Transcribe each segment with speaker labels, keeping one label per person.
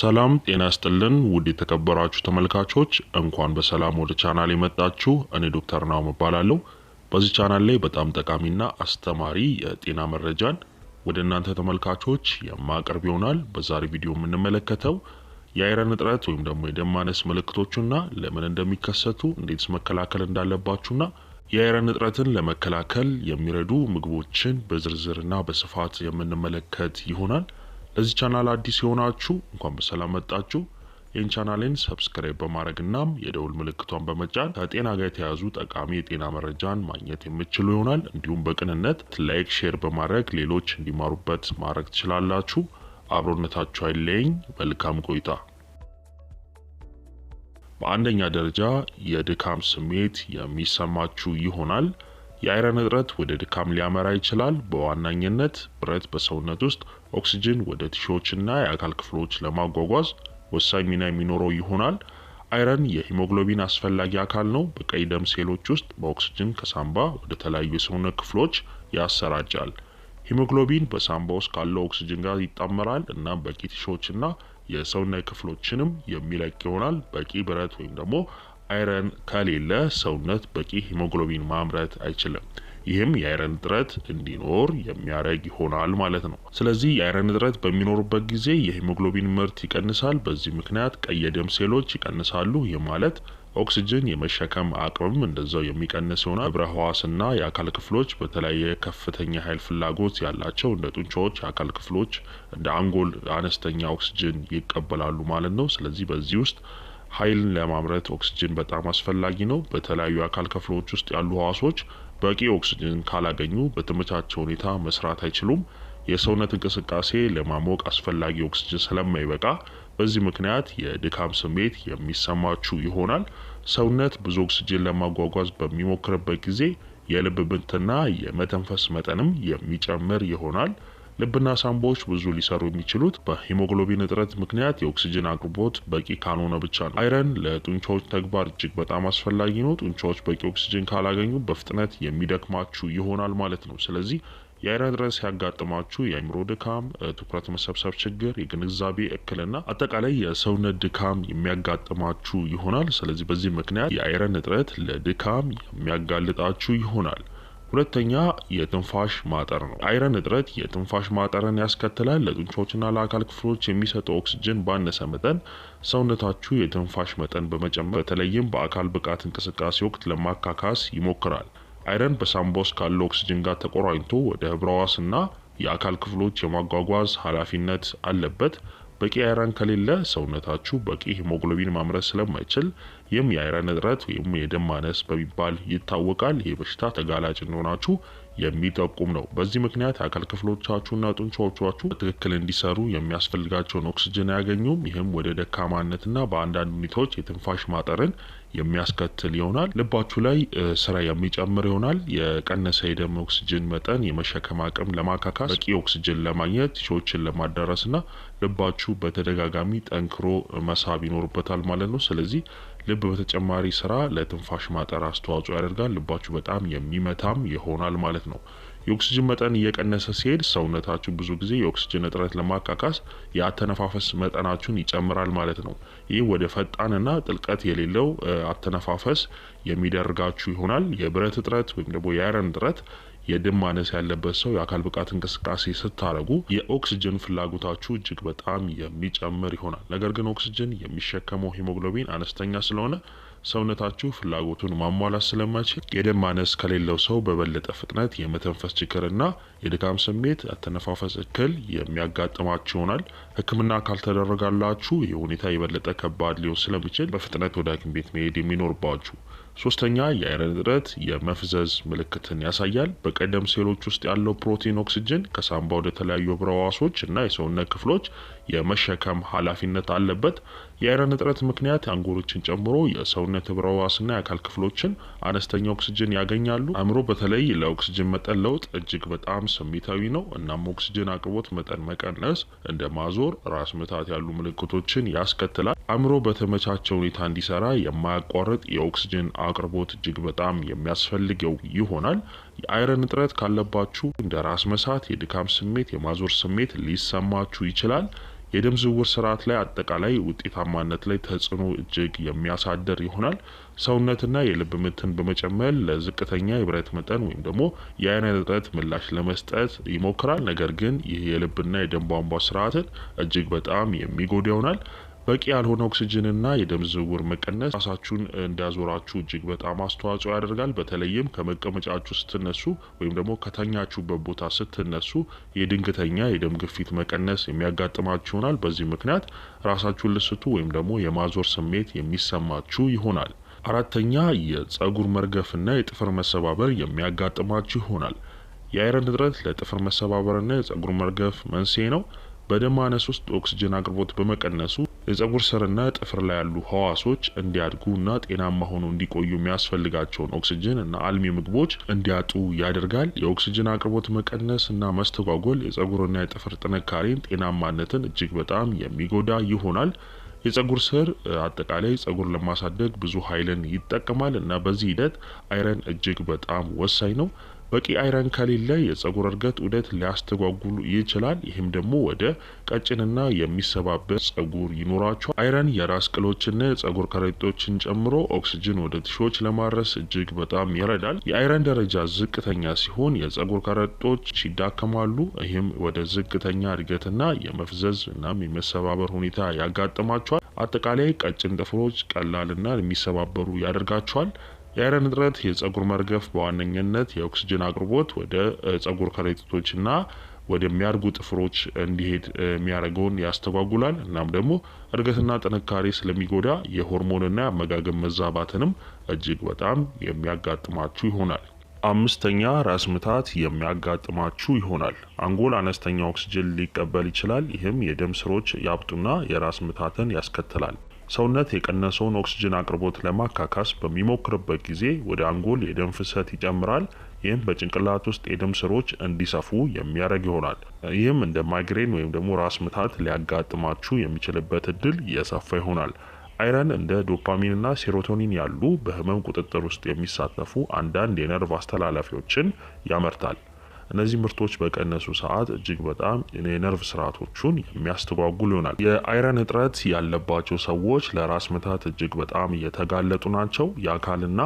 Speaker 1: ሰላም ጤና ያስጥልን ውድ የተከበራችሁ ተመልካቾች፣ እንኳን በሰላም ወደ ቻናል የመጣችሁ። እኔ ዶክተር ናው እባላለሁ። በዚህ ቻናል ላይ በጣም ጠቃሚና አስተማሪ የጤና መረጃን ወደ እናንተ ተመልካቾች የማቀርብ ይሆናል። በዛሬ ቪዲዮ የምንመለከተው የአይረን እጥረት ወይም ደግሞ የደም ማነስ ምልክቶቹና ለምን እንደሚከሰቱ እንዴትስ መከላከል እንዳለባችሁና የአይረን እጥረትን ለመከላከል የሚረዱ ምግቦችን በዝርዝርና በስፋት የምንመለከት ይሆናል። ለዚህ ቻናል አዲስ የሆናችሁ እንኳን በሰላም መጣችሁ። ይህን ቻናሌን ሰብስክራይብ በማድረግ እናም የደውል ምልክቷን በመጫን ከጤና ጋር የተያዙ ጠቃሚ የጤና መረጃን ማግኘት የምችሉ ይሆናል። እንዲሁም በቅንነት ላይክ፣ ሼር በማድረግ ሌሎች እንዲማሩበት ማድረግ ትችላላችሁ። አብሮነታችሁ አይለየኝ። መልካም ቆይታ። በአንደኛ ደረጃ የድካም ስሜት የሚሰማችሁ ይሆናል። የአይረን እጥረት ወደ ድካም ሊያመራ ይችላል። በዋናኝነት ብረት በሰውነት ውስጥ ኦክሲጅን ወደ ቲሾችና የአካል ክፍሎች ለማጓጓዝ ወሳኝ ሚና የሚኖረው ይሆናል። አይረን የሂሞግሎቢን አስፈላጊ አካል ነው። በቀይ ደም ሴሎች ውስጥ በኦክሲጅን ከሳምባ ወደ ተለያዩ የሰውነት ክፍሎች ያሰራጫል። ሂሞግሎቢን በሳምባ ውስጥ ካለው ኦክሲጅን ጋር ይጣመራል እና በቂ ቲሾችና የሰውነት ክፍሎችንም የሚለቅ ይሆናል። በቂ ብረት ወይም ደግሞ አይረን ከሌለ ሰውነት በቂ ሂሞግሎቢን ማምረት አይችልም። ይህም የአይረን እጥረት እንዲኖር የሚያደርግ ይሆናል ማለት ነው። ስለዚህ የአይረን እጥረት በሚኖርበት ጊዜ የሂሞግሎቢን ምርት ይቀንሳል። በዚህ ምክንያት ቀይ የደም ሴሎች ይቀንሳሉ። ይህ ማለት ኦክስጅን የመሸከም አቅምም እንደዛው የሚቀንስ ይሆናል። ህብረ ህዋስና የአካል ክፍሎች በተለያየ ከፍተኛ ኃይል ፍላጎት ያላቸው እንደ ጡንቻዎች፣ የአካል ክፍሎች እንደ አንጎል አነስተኛ ኦክስጅን ይቀበላሉ ማለት ነው። ስለዚህ በዚህ ውስጥ ኃይልን ለማምረት ኦክስጅን በጣም አስፈላጊ ነው። በተለያዩ የአካል ክፍሎች ውስጥ ያሉ ህዋሶች በቂ ኦክስጅን ካላገኙ በተመቻቸው ሁኔታ መስራት አይችሉም። የሰውነት እንቅስቃሴ ለማሞቅ አስፈላጊ ኦክስጅን ስለማይበቃ በዚህ ምክንያት የድካም ስሜት የሚሰማችሁ ይሆናል። ሰውነት ብዙ ኦክስጅን ለማጓጓዝ በሚሞክርበት ጊዜ የልብ ምትና የመተንፈስ መጠንም የሚጨምር ይሆናል። ልብና ሳምባዎች ብዙ ሊሰሩ የሚችሉት በሂሞግሎቢን እጥረት ምክንያት የኦክስጅን አቅርቦት በቂ ካልሆነ ብቻ ነው። አይረን ለጡንቻዎች ተግባር እጅግ በጣም አስፈላጊ ነው። ጡንቻዎች በቂ ኦክስጅን ካላገኙ በፍጥነት የሚደክማችሁ ይሆናል ማለት ነው። ስለዚህ የአይረን ድረስ ሲያጋጥማችሁ የአይምሮ ድካም፣ ትኩረት መሰብሰብ ችግር፣ የግንዛቤ እክልና አጠቃላይ የሰውነት ድካም የሚያጋጥማችሁ ይሆናል። ስለዚህ በዚህ ምክንያት የአይረን እጥረት ለድካም የሚያጋልጣችሁ ይሆናል። ሁለተኛ የትንፋሽ ማጠር ነው። አይረን እጥረት የትንፋሽ ማጠርን ያስከትላል። ለጡንቻዎችና ለአካል ክፍሎች የሚሰጠው ኦክስጅን ባነሰ መጠን ሰውነታችሁ የትንፋሽ መጠን በመጨመር በተለይም በአካል ብቃት እንቅስቃሴ ወቅት ለማካካስ ይሞክራል። አይረን በሳምቦስ ካለው ኦክስጅን ጋር ተቆራኝቶ ወደ ህብረ ህዋስና የአካል ክፍሎች የማጓጓዝ ኃላፊነት አለበት። በቂ አይረን ከሌለ ሰውነታችሁ በቂ ሂሞግሎቢን ማምረት ስለማይችል ይህም የአይረን እጥረት ወይም የደም ማነስ በሚባል ይታወቃል። ይህ በሽታ ተጋላጭ እንደሆናችሁ የሚጠቁም ነው። በዚህ ምክንያት የአካል ክፍሎቻችሁና ጡንቻዎቻችሁ በትክክል እንዲሰሩ የሚያስፈልጋቸውን ኦክስጅን አያገኙም። ይህም ወደ ደካማነትና በአንዳንድ ሁኔታዎች የትንፋሽ ማጠርን የሚያስከትል ይሆናል። ልባችሁ ላይ ስራ የሚጨምር ይሆናል። የቀነሰ የደም ኦክስጅን መጠን የመሸከም አቅም ለማካካስ በቂ ኦክስጅን ለማግኘት ሾዎችን ለማዳረስ እና ልባችሁ በተደጋጋሚ ጠንክሮ መሳብ ይኖርበታል ማለት ነው። ስለዚህ ልብ በተጨማሪ ስራ ለትንፋሽ ማጠር አስተዋጽኦ ያደርጋል። ልባችሁ በጣም የሚመታም ይሆናል ማለት ነው። የኦክስጅን መጠን እየቀነሰ ሲሄድ ሰውነታችሁ ብዙ ጊዜ የኦክስጅን እጥረት ለማካካስ የአተነፋፈስ መጠናችሁን ይጨምራል ማለት ነው። ይህ ወደ ፈጣንና ጥልቀት የሌለው አተነፋፈስ የሚደርጋችሁ ይሆናል። የብረት እጥረት ወይም ደግሞ የአይረን እጥረት የደም ማነስ ያለበት ሰው የአካል ብቃት እንቅስቃሴ ስታደርጉ የኦክስጅን ፍላጎታችሁ እጅግ በጣም የሚጨምር ይሆናል። ነገር ግን ኦክስጅን የሚሸከመው ሂሞግሎቢን አነስተኛ ስለሆነ ሰውነታችሁ ፍላጎቱን ማሟላት ስለማይችል የደም ማነስ ከሌለው ሰው በበለጠ ፍጥነት የመተንፈስ ችግርና የድካም ስሜት፣ አተነፋፈስ እክል የሚያጋጥማችሁ ይሆናል። ሕክምና ካልተደረጋላችሁ የሁኔታ የበለጠ ከባድ ሊሆን ስለሚችል በፍጥነት ወደ ሐኪም ቤት መሄድ የሚኖርባችሁ ሶስተኛ የአይረን እጥረት የመፍዘዝ ምልክትን ያሳያል። በቀደም ሴሎች ውስጥ ያለው ፕሮቲን ኦክስጅን ከሳምባ ወደ ተለያዩ ህብረ ህዋሶች እና የሰውነት ክፍሎች የመሸከም ኃላፊነት አለበት። የአይረን እጥረት ምክንያት አንጎሎችን ጨምሮ የሰውነት ህብረ ህዋስና የአካል ክፍሎችን አነስተኛ ኦክስጅን ያገኛሉ። አእምሮ በተለይ ለኦክስጅን መጠን ለውጥ እጅግ በጣም ስሜታዊ ነው። እናም ኦክስጅን አቅርቦት መጠን መቀነስ እንደ ማዞር፣ ራስ ምታት ያሉ ምልክቶችን ያስከትላል። አእምሮ በተመቻቸ ሁኔታ እንዲሰራ የማያቋርጥ የኦክስጅን አቅርቦት እጅግ በጣም የሚያስፈልገው ይሆናል። የአይረን እጥረት ካለባችሁ እንደ ራስ መሳት፣ የድካም ስሜት፣ የማዞር ስሜት ሊሰማችሁ ይችላል። የደም ዝውውር ስርዓት ላይ አጠቃላይ ውጤታማነት ላይ ተጽዕኖ እጅግ የሚያሳደር ይሆናል። ሰውነትና የልብ ምትን በመጨመር ለዝቅተኛ የብረት መጠን ወይም ደግሞ የአይን እጥረት ምላሽ ለመስጠት ይሞክራል። ነገር ግን ይህ የልብና የደም ቧንቧ ስርዓትን እጅግ በጣም የሚጎዳ ይሆናል። በቂ ያልሆነ ኦክስጅንና የደም ዝውውር መቀነስ ራሳችሁን እንዲያዞራችሁ እጅግ በጣም አስተዋጽኦ ያደርጋል። በተለይም ከመቀመጫችሁ ስትነሱ ወይም ደግሞ ከተኛችሁበት ቦታ ስትነሱ የድንገተኛ የደም ግፊት መቀነስ የሚያጋጥማችሁ ይሆናል። በዚህ ምክንያት ራሳችሁን ልስቱ ወይም ደግሞ የማዞር ስሜት የሚሰማችሁ ይሆናል። አራተኛ የጸጉር መርገፍና የጥፍር መሰባበር የሚያጋጥማችሁ ይሆናል። የአይረን እጥረት ለጥፍር መሰባበርና የጸጉር መርገፍ መንስኤ ነው። በደም ማነስ ውስጥ ኦክስጅን አቅርቦት በመቀነሱ የፀጉር ስርና ጥፍር ላይ ያሉ ህዋሶች እንዲያድጉ ጤናማ ሆኖ እንዲቆዩ የሚያስፈልጋቸውን ኦክስጅን እና አልሚ ምግቦች እንዲያጡ ያደርጋል። የኦክስጅን አቅርቦት መቀነስ እና መስተጓጎል የፀጉርና የጥፍር ጥንካሬን ጤናማነትን እጅግ በጣም የሚጎዳ ይሆናል። የፀጉር ስር አጠቃላይ ፀጉር ለማሳደግ ብዙ ኃይልን ይጠቀማል እና በዚህ ሂደት አይረን እጅግ በጣም ወሳኝ ነው። በቂ አይረን ከሌለ የጸጉር እድገት ዑደት ሊያስተጓጉሉ ይችላል። ይህም ደግሞ ወደ ቀጭንና የሚሰባበት ጸጉር ይኖራቸዋል። አይረን የራስ ቅሎችና የጸጉር ከረጢቶችን ጨምሮ ኦክስጅን ወደ ቲሾዎች ለማድረስ እጅግ በጣም ይረዳል። የአይረን ደረጃ ዝቅተኛ ሲሆን የጸጉር ከረጢቶች ይዳከማሉ። ይህም ወደ ዝቅተኛ እድገትና የመፍዘዝ እናም የመሰባበር ሁኔታ ያጋጥማቸዋል። አጠቃላይ ቀጭን ጥፍሮች ቀላልና የሚሰባበሩ ያደርጋቸዋል። የአይረን እጥረት የጸጉር መርገፍ በዋነኝነት የኦክስጅን አቅርቦት ወደ ጸጉር ከረጢቶችና ወደሚያድጉ ጥፍሮች እንዲሄድ የሚያደርገውን ያስተጓጉላል። እናም ደግሞ እድገትና ጥንካሬ ስለሚጎዳ የሆርሞንና የአመጋገብ መዛባትንም እጅግ በጣም የሚያጋጥማችሁ ይሆናል። አምስተኛ ራስ ምታት የሚያጋጥማችሁ ይሆናል። አንጎል አነስተኛ ኦክስጅን ሊቀበል ይችላል። ይህም የደም ስሮች ያብጡና የራስ ምታትን ያስከትላል። ሰውነት የቀነሰውን ኦክስጅን አቅርቦት ለማካካስ በሚሞክርበት ጊዜ ወደ አንጎል የደም ፍሰት ይጨምራል። ይህም በጭንቅላት ውስጥ የደም ስሮች እንዲሰፉ የሚያደርግ ይሆናል። ይህም እንደ ማይግሬን ወይም ደግሞ ራስ ምታት ሊያጋጥማችሁ የሚችልበት እድል እየሰፋ ይሆናል። አይረን እንደ ዶፓሚንና ሴሮቶኒን ያሉ በህመም ቁጥጥር ውስጥ የሚሳተፉ አንዳንድ የነርቭ አስተላላፊዎችን ያመርታል። እነዚህ ምርቶች በቀነሱ ሰዓት እጅግ በጣም የነርቭ ስርዓቶቹን የሚያስተጓጉል ይሆናል። የአይረን እጥረት ያለባቸው ሰዎች ለራስ ምታት እጅግ በጣም እየተጋለጡ ናቸው። የአካልና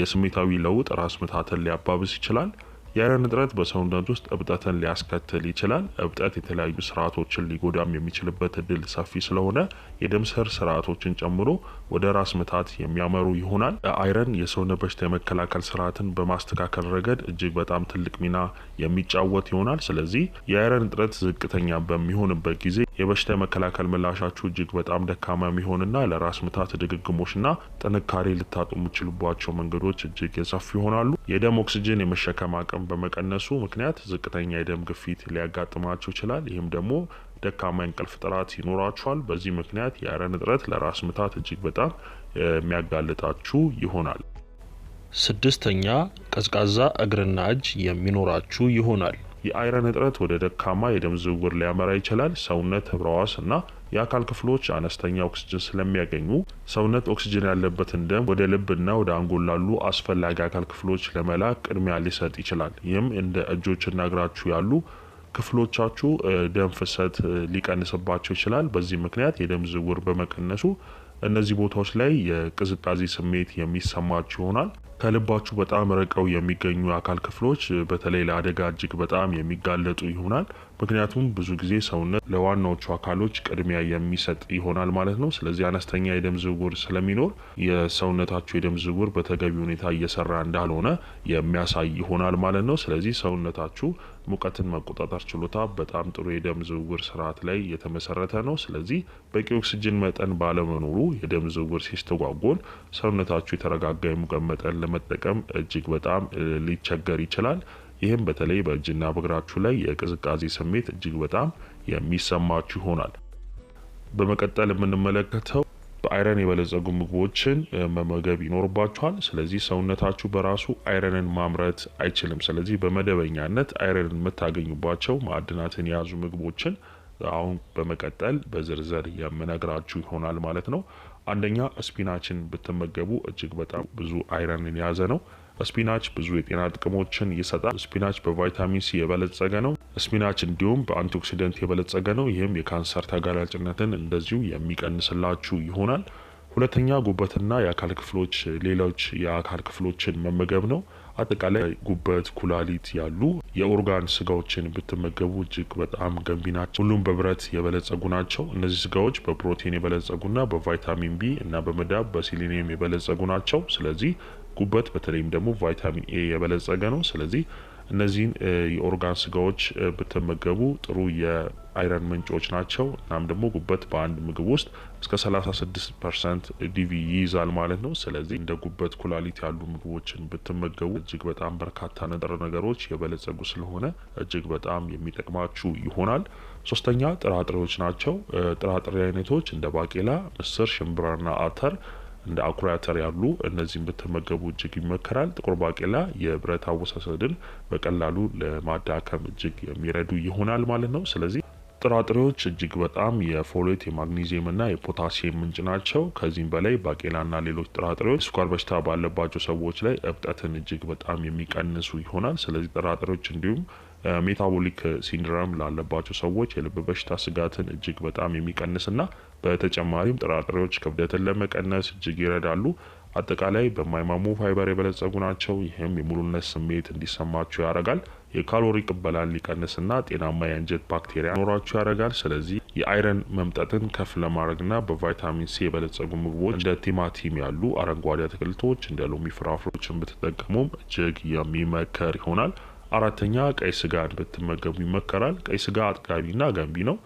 Speaker 1: የስሜታዊ ለውጥ ራስ ምታትን ሊያባብስ ይችላል። የአይረን እጥረት በሰውነት ውስጥ እብጠትን ሊያስከትል ይችላል። እብጠት የተለያዩ ስርዓቶችን ሊጎዳም የሚችልበት እድል ሰፊ ስለሆነ የደም ስር ስርዓቶችን ጨምሮ ወደ ራስ ምታት የሚያመሩ ይሆናል። አይረን የሰውነት በሽታ የመከላከል ስርዓትን በማስተካከል ረገድ እጅግ በጣም ትልቅ ሚና የሚጫወት ይሆናል። ስለዚህ የአይረን እጥረት ዝቅተኛ በሚሆንበት ጊዜ የበሽታ የመከላከል ምላሻችሁ እጅግ በጣም ደካማ የሚሆንና ለራስ ምታት ድግግሞሽና ጥንካሬ ልታጡ የሚችሉባቸው መንገዶች እጅግ የሰፉ ይሆናሉ። የደም ኦክስጅን የመሸከም አቅም በመቀነሱ ምክንያት ዝቅተኛ የደም ግፊት ሊያጋጥማችሁ ይችላል። ይህም ደግሞ ደካማ እንቅልፍ ጥራት ይኖራችኋል። በዚህ ምክንያት የአረን እጥረት ለራስ ምታት እጅግ በጣም የሚያጋልጣችሁ ይሆናል።
Speaker 2: ስድስተኛ ቀዝቃዛ እግርና እጅ የሚኖራችሁ ይሆናል። የአይረን እጥረት ወደ ደካማ የደም ዝውውር ሊያመራ ይችላል። ሰውነት ህብረዋስ እና የአካል ክፍሎች አነስተኛ ኦክስጅን ስለሚያገኙ ሰውነት ኦክስጅን ያለበትን ደም ወደ ልብና ወደ አንጎል ላሉ አስፈላጊ አካል ክፍሎች ለመላክ ቅድሚያ ሊሰጥ ይችላል። ይህም እንደ እጆችና እግራችሁ ያሉ ክፍሎቻችሁ ደም ፍሰት ሊቀንስባቸው ይችላል። በዚህ ምክንያት የደም ዝውውር በመቀነሱ እነዚህ ቦታዎች ላይ የቅዝቃዜ ስሜት የሚሰማችሁ ይሆናል። ከልባችሁ በጣም ርቀው የሚገኙ የአካል ክፍሎች በተለይ ለአደጋ እጅግ በጣም የሚጋለጡ ይሆናል። ምክንያቱም ብዙ ጊዜ ሰውነት ለዋናዎቹ አካሎች ቅድሚያ የሚሰጥ ይሆናል ማለት ነው። ስለዚህ አነስተኛ የደም ዝውውር ስለሚኖር የሰውነታቸው የደም ዝውውር በተገቢ ሁኔታ እየሰራ እንዳልሆነ የሚያሳይ ይሆናል ማለት ነው። ስለዚህ ሰውነታችሁ ሙቀትን መቆጣጠር ችሎታ በጣም ጥሩ የደም ዝውውር ስርዓት ላይ የተመሰረተ ነው። ስለዚህ በቂ ኦክስጅን መጠን ባለመኖሩ የደም ዝውውር ሲስተጓጎል ሰውነታችሁ የተረጋጋ የሙቀት መጠን ለመጠቀም እጅግ በጣም ሊቸገር ይችላል። ይህም በተለይ በእጅና በእግራችሁ ላይ የቅዝቃዜ ስሜት እጅግ በጣም የሚሰማችሁ ይሆናል። በመቀጠል የምንመለከተው በአይረን የበለጸጉ ምግቦችን መመገብ ይኖርባችኋል። ስለዚህ ሰውነታችሁ በራሱ አይረንን ማምረት አይችልም። ስለዚህ በመደበኛነት አይረንን የምታገኙባቸው ማዕድናትን የያዙ ምግቦችን አሁን በመቀጠል በዝርዝር የምነግራችሁ ይሆናል ማለት ነው። አንደኛ ስፒናችን ብትመገቡ እጅግ በጣም ብዙ አይረንን የያዘ ነው። ስፒናች ብዙ የጤና ጥቅሞችን ይሰጣል። ስፒናች በቫይታሚን ሲ የበለጸገ ነው። ስፒናች እንዲሁም በአንቲኦክሲደንት የበለጸገ ነው። ይህም የካንሰር ተጋላጭነትን እንደዚሁ የሚቀንስላችሁ ይሆናል። ሁለተኛ ጉበትና የአካል ክፍሎች ሌሎች የአካል ክፍሎችን መመገብ ነው። አጠቃላይ ጉበት፣ ኩላሊት ያሉ የኦርጋን ስጋዎችን ብትመገቡ እጅግ በጣም ገንቢ ናቸው። ሁሉም በብረት የበለጸጉ ናቸው። እነዚህ ስጋዎች በፕሮቲን የበለጸጉና በቫይታሚን ቢ እና በመዳብ በሲሊኒየም የበለጸጉ ናቸው። ስለዚህ ጉበት በተለይም ደግሞ ቫይታሚን ኤ የበለጸገ ነው። ስለዚህ እነዚህን የኦርጋን ስጋዎች ብትመገቡ ጥሩ የአይረን ምንጮች ናቸው። እናም ደግሞ ጉበት በአንድ ምግብ ውስጥ እስከ 36 ፐርሰንት ዲቪ ይይዛል ማለት ነው። ስለዚህ እንደ ጉበት፣ ኩላሊት ያሉ ምግቦችን ብትመገቡ እጅግ በጣም በርካታ ንጥረ ነገሮች የበለጸጉ ስለሆነ እጅግ በጣም የሚጠቅማችሁ ይሆናል። ሶስተኛ ጥራጥሬዎች ናቸው። ጥራጥሬ አይነቶች እንደ ባቄላ፣ ምስር፣ ሽምብራና አተር እንደ አኩሪ አተር ያሉ እነዚህም ብትመገቡ እጅግ ይመከራል። ጥቁር ባቄላ የብረት አወሳሰድን በቀላሉ ለማዳከም እጅግ የሚረዱ ይሆናል ማለት ነው። ስለዚህ ጥራጥሬዎች እጅግ በጣም የፎሌት የማግኒዚየም የፖታሲየም ምንጭ ናቸው። ከዚህም በላይ ባቄላና ሌሎች ጥራጥሬዎች ስኳር በሽታ ባለባቸው ሰዎች ላይ እብጠትን እጅግ በጣም የሚቀንሱ ይሆናል። ስለዚህ ጥራጥሬዎች እንዲሁም ሜታቦሊክ ሲንድረም ላለባቸው ሰዎች የልብ በሽታ ስጋትን እጅግ በጣም የሚቀንስና በተጨማሪም ጥራጥሬዎች ክብደትን ለመቀነስ እጅግ ይረዳሉ። አጠቃላይ በማይማሙ ፋይበር የበለጸጉ ናቸው። ይህም የሙሉነት ስሜት እንዲሰማቸው ያደርጋል። የካሎሪ ቅበላን ሊቀንስና ጤናማ የአንጀት ባክቴሪያ ኖሯቸው ያደርጋል። ስለዚህ የአይረን መምጠጥን ከፍ ለማድረግና በቫይታሚን ሲ የበለጸጉ ምግቦች እንደ ቲማቲም ያሉ አረንጓዴ አትክልቶች እንደ ሎሚ ፍራፍሮችን ብትጠቀሙም እጅግ የሚመከር ይሆናል። አራተኛ ቀይ ስጋን ብትመገቡ ይመከራል። ቀይ ስጋ አጥጋቢና ገንቢ ነው።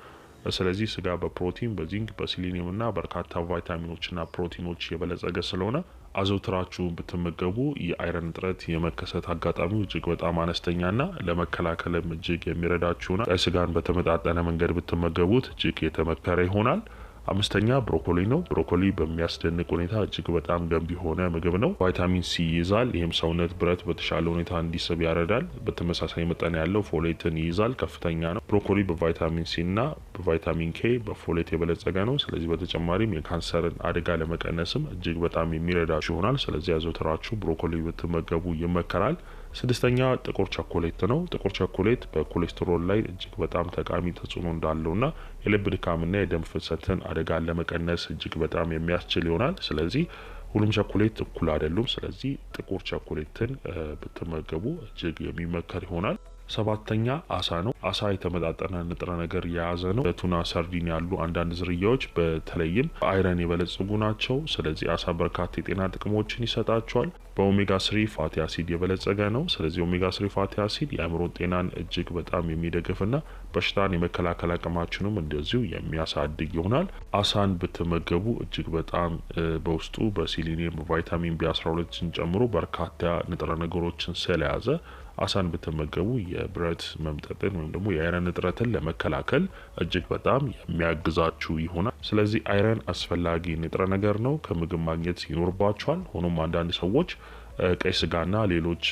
Speaker 2: ስለዚህ ስጋ በፕሮቲን በዚንክ በሲሊኒየም በርካታ ቫይታሚኖችና ፕሮቲኖች የበለጸገ ስለሆነ አዘውትራችሁን ብትመገቡ የአይረን እጥረት የመከሰት አጋጣሚው እጅግ በጣም አነስተኛና ለመከላከልም እጅግ የሚረዳችሁና ቀይ ስጋን በተመጣጠነ መንገድ ብትመገቡት እጅግ የተመከረ ይሆናል። አምስተኛ ብሮኮሊ ነው። ብሮኮሊ በሚያስደንቅ ሁኔታ እጅግ በጣም ገንቢ የሆነ ምግብ ነው። ቫይታሚን ሲ ይይዛል። ይህም ሰውነት ብረት በተሻለ ሁኔታ እንዲስብ ያረዳል። በተመሳሳይ መጠን ያለው ፎሌትን ይይዛል፣ ከፍተኛ ነው። ብሮኮሊ በቫይታሚን ሲ እና በቫይታሚን ኬ በፎሌት የበለጸገ ነው። ስለዚህ በተጨማሪም የካንሰርን አደጋ ለመቀነስም እጅግ በጣም የሚረዳችሁ ይሆናል። ስለዚህ ያዘውትራችሁ ብሮኮሊ ብትመገቡ ይመከራል። ስድስተኛ ጥቁር ቸኮሌት ነው። ጥቁር ቸኮሌት በኮሌስትሮል ላይ እጅግ በጣም ጠቃሚ ተጽዕኖ እንዳለውና የልብ ድካምና የደም ፍሰትን አደጋን ለመቀነስ እጅግ በጣም የሚያስችል ይሆናል። ስለዚህ ሁሉም ቸኮሌት እኩል አይደሉም። ስለዚህ ጥቁር ቸኮሌትን ብትመገቡ እጅግ የሚመከር ይሆናል። ሰባተኛ አሳ ነው። አሳ የተመጣጠነ ንጥረ ነገር የያዘ ነው። ለቱና፣ ሰርዲን ያሉ አንዳንድ ዝርያዎች በተለይም አይረን የበለጸጉ ናቸው። ስለዚህ አሳ በርካታ የጤና ጥቅሞችን ይሰጣቸዋል። በኦሜጋ ስሪ ፋቲ አሲድ የበለጸገ ነው። ስለዚህ ኦሜጋ ስሪ ፋቲ አሲድ የአእምሮን ጤናን እጅግ በጣም የሚደግፍና በሽታን የመከላከል አቅማችንም እንደዚሁ የሚያሳድግ ይሆናል። አሳን ብትመገቡ እጅግ በጣም በውስጡ በሲሊኒየም ቫይታሚን ቢ12ን ጨምሮ በርካታ ንጥረ ነገሮችን ስለያዘ አሳን ብትመገቡ የብረት መምጠጥን ወይም ደግሞ የአይረን እጥረትን ለመከላከል እጅግ በጣም የሚያግዛችሁ ይሆናል። ስለዚህ አይረን አስፈላጊ ንጥረ ነገር ነው፣ ከምግብ ማግኘት ይኖርባችኋል። ሆኖም አንዳንድ ሰዎች ቀይ ስጋና ሌሎች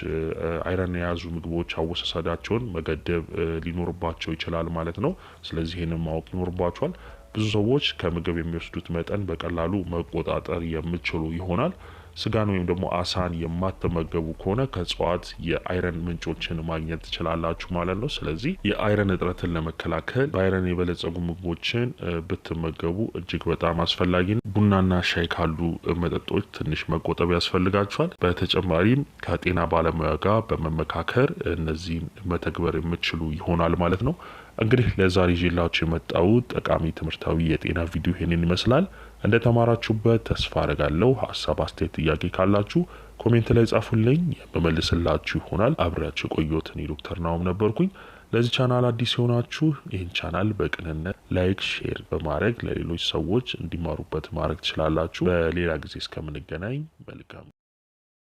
Speaker 2: አይረን የያዙ ምግቦች አወሳሰዳቸውን መገደብ ሊኖርባቸው ይችላል ማለት ነው። ስለዚህ ይህንን ማወቅ ይኖርባቸዋል። ብዙ ሰዎች ከምግብ የሚወስዱት መጠን በቀላሉ መቆጣጠር የሚችሉ ይሆናል። ስጋን ወይም ደግሞ አሳን የማትመገቡ ከሆነ ከእጽዋት የአይረን ምንጮችን ማግኘት ትችላላችሁ ማለት ነው። ስለዚህ የአይረን እጥረትን ለመከላከል በአይረን የበለጸጉ ምግቦችን ብትመገቡ እጅግ በጣም አስፈላጊ ነው። ቡናና ሻይ ካሉ መጠጦች ትንሽ መቆጠብ ያስፈልጋችኋል። በተጨማሪም ከጤና ባለሙያ ጋር በመመካከር እነዚህን መተግበር የምትችሉ ይሆናል ማለት ነው። እንግዲህ ለዛሬ ይዤላችሁ የመጣሁት ጠቃሚ ትምህርታዊ የጤና ቪዲዮ ይሄንን ይመስላል። እንደ ተማራችሁበት ተስፋ አረጋለሁ። ሀሳብ፣ አስተያየት፣ ጥያቄ ካላችሁ ኮሜንት ላይ ጻፉልኝ፣ የምመልስላችሁ ይሆናል። አብሬያችሁ የቆየሁት እኔ ዶክተር ናኦም ነበርኩኝ። ለዚህ ቻናል አዲስ የሆናችሁ ይህን ቻናል በቅንነት ላይክ፣ ሼር በማድረግ ለሌሎች ሰዎች እንዲማሩበት ማድረግ ትችላላችሁ። በሌላ ጊዜ እስከምንገናኝ መልካም